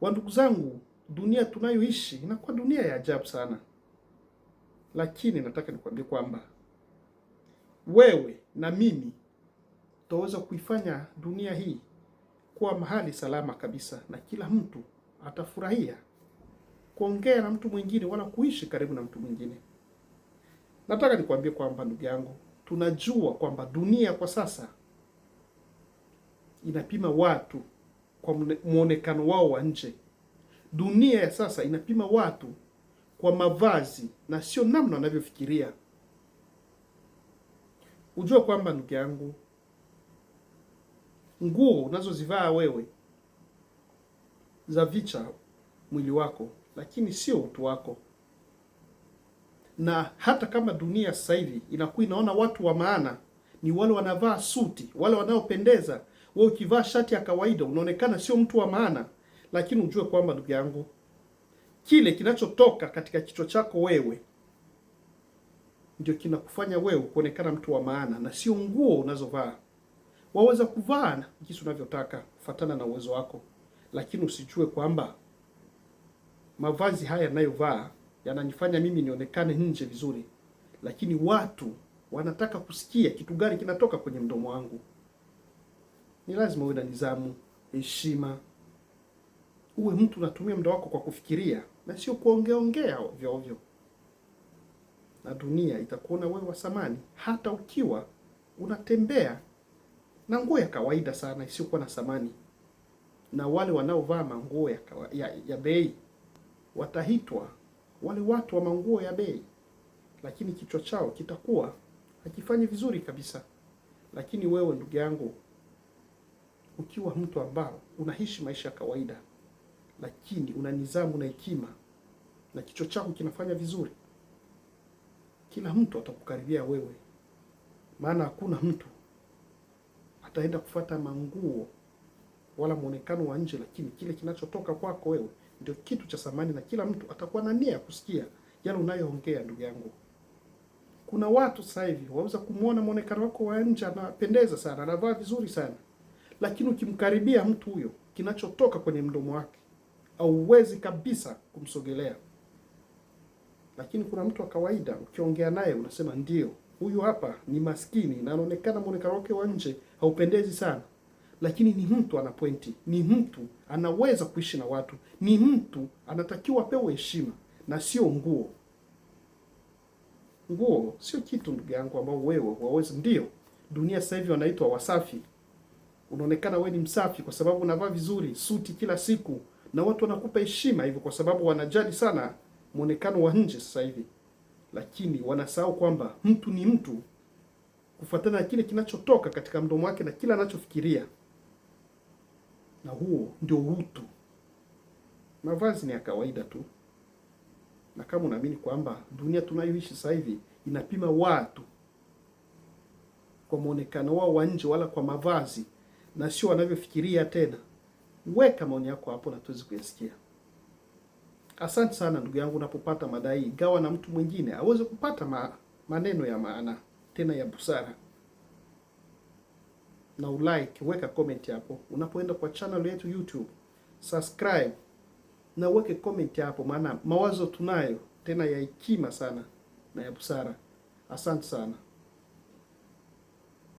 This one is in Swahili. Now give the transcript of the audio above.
Wandugu zangu, dunia tunayoishi inakuwa dunia ya ajabu sana, lakini nataka nikwambie kwamba wewe na mimi tutaweza kuifanya dunia hii kuwa mahali salama kabisa, na kila mtu atafurahia kuongea na mtu mwingine wala kuishi karibu na mtu mwingine. Nataka nikwambie kwamba ndugu yangu, tunajua kwamba dunia kwa sasa inapima watu kwa mwonekano wao wa nje. Dunia ya sasa inapima watu kwa mavazi na sio namna wanavyofikiria. Ujue kwamba ndugu yangu, nguo unazozivaa wewe za vicha mwili wako, lakini sio utu wako. Na hata kama dunia sasa hivi inakuwa inaona watu wa maana ni wale wanavaa suti, wale wanaopendeza We ukivaa shati ya kawaida unaonekana sio mtu wa maana, lakini ujue kwamba ndugu yangu, kile kinachotoka katika kichwa chako wewe ndio kinakufanya wewe kuonekana mtu wa maana na sio nguo unazovaa. Waweza kuvaa jinsi unavyotaka kufatana na uwezo wako, lakini usijue kwamba mavazi haya yanayovaa yananifanya mimi nionekane nje vizuri, lakini watu wanataka kusikia kitu gani kinatoka kwenye mdomo wangu ni lazima uwe na nidhamu, heshima, uwe mtu unatumia muda wako kwa kufikiria na sio kuongeaongea ovyo ovyo, na dunia itakuona wewe wa samani, hata ukiwa unatembea na nguo ya kawaida sana isiyokuwa na samani. Na wale wanaovaa manguo ya, ya, ya bei watahitwa wale watu wa manguo ya bei, lakini kichwa chao kitakuwa hakifanyi vizuri kabisa. Lakini wewe ndugu yangu ukiwa mtu ambao unaishi maisha ya kawaida, lakini una nidhamu na hekima na kichwa chako kinafanya vizuri, kila mtu atakukaribia wewe, maana hakuna mtu ataenda kufata manguo wala mwonekano wa nje, lakini kile kinachotoka kwako wewe ndio kitu cha thamani, na kila mtu atakuwa na nia ya kusikia yale unayoongea. Ndugu yangu, kuna watu sasa hivi waweza kumwona mwonekano wako wa nje, anapendeza sana, anavaa vizuri sana lakini ukimkaribia mtu huyo, kinachotoka kwenye mdomo wake hauwezi kabisa kumsogelea. Lakini kuna mtu wa kawaida, ukiongea naye unasema ndio, huyu hapa ni maskini na anaonekana muonekano wake wa nje haupendezi sana, lakini ni mtu ana pointi, ni mtu anaweza kuishi na watu, ni mtu anatakiwa apewe heshima na sio nguo. Nguo sio kitu ndugu yangu, ambao wewe wawezi. Ndio dunia sasa hivi wanaitwa wasafi unaonekana wewe ni msafi kwa sababu unavaa vizuri suti kila siku, na watu wanakupa heshima hivyo, kwa sababu wanajali sana mwonekano wa nje sasa hivi, lakini wanasahau kwamba mtu ni mtu kufuatana na kile kinachotoka katika mdomo wake na kila anachofikiria, na huo ndio utu. Mavazi ni ya kawaida tu, na kama unaamini kwamba dunia tunayoishi sasa hivi inapima watu kwa mwonekano wao wa nje wala kwa mavazi na sio wanavyofikiria tena. Weka maoni yako hapo na tuweze kuyasikia. Asante sana ndugu yangu, unapopata madai gawa na mtu mwingine aweze kupata ma, maneno ya maana tena ya busara, na ulike, weka comment hapo unapoenda kwa channel yetu YouTube, subscribe na uweke comment hapo, maana mawazo tunayo tena ya hekima sana na ya busara. Asante sana.